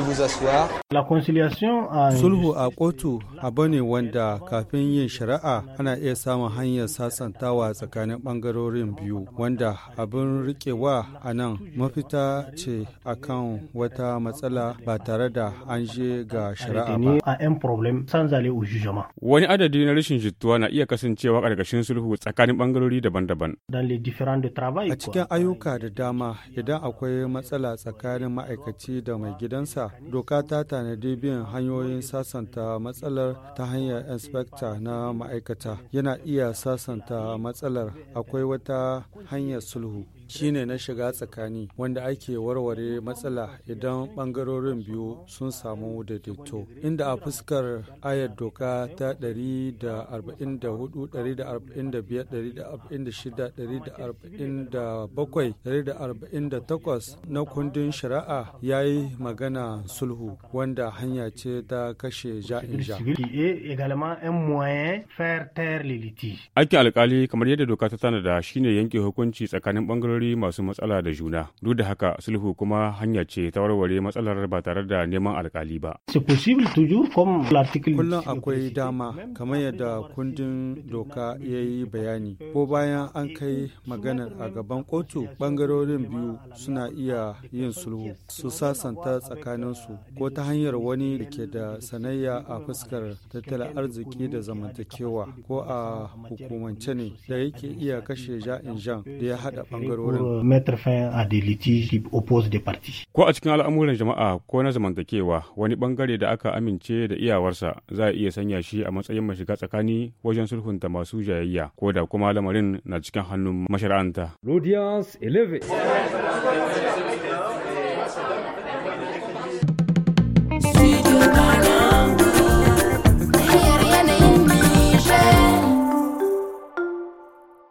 a Sulhu a kotu abu ne wanda kafin yin shari'a ana iya samun hanyar sasantawa tsakanin bangarorin biyu wanda abin rikewa a nan mafita ce akan wata matsala ba tare da an je ga shari'a ba. Wani adadi na rashin jituwa na iya kasancewa ƙarƙashin sulhu tsakanin bangarori daban-daban. A cikin ayyuka da dama idan akwai matsala tsakanin ma'aikaci da mai gidansa doka ta tanadi bin hanyoyin sasanta matsalar ta hanyar inspekta na ma'aikata yana iya sasanta matsalar akwai wata hanyar sulhu shine na shiga tsakani wanda ake warware matsala idan bangarorin biyu sun samu daidaito inda a fuskar ayar doka ta 144 na kundin shari'a ya yi magana sulhu wanda hanya ce ta kashe ja'inja. Aiki alkali kamar yadda doka ta tanada shine yanke hukunci tsakanin bangarori masu matsala da juna. Duk da haka sulhu kuma hanya ce ta warware matsalar ba tare da neman alkali ba. Kullum akwai dama kamar yadda kundin doka ya yi bayani. Ko bayan an kai maganar a gaban kotu bangarorin biyu suna iya yin sulhu su sasanta tsakanin tsakaninsu ko ta hanyar wani da ke da sanayya a fuskar tattalin arziki da zamantakewa ko a hukumance ne da yake iya kashe ja'in jan da ya haɗa bangarorin Ko a cikin al'amuran jama'a ko na zamantakewa wani ɓangare da aka amince da iyawarsa za a iya sanya shi a matsayin mashiga tsakani wajen sulhunta masu jayayya ko da kuma lamarin na cikin hannun mashara'anta. Rodians 11.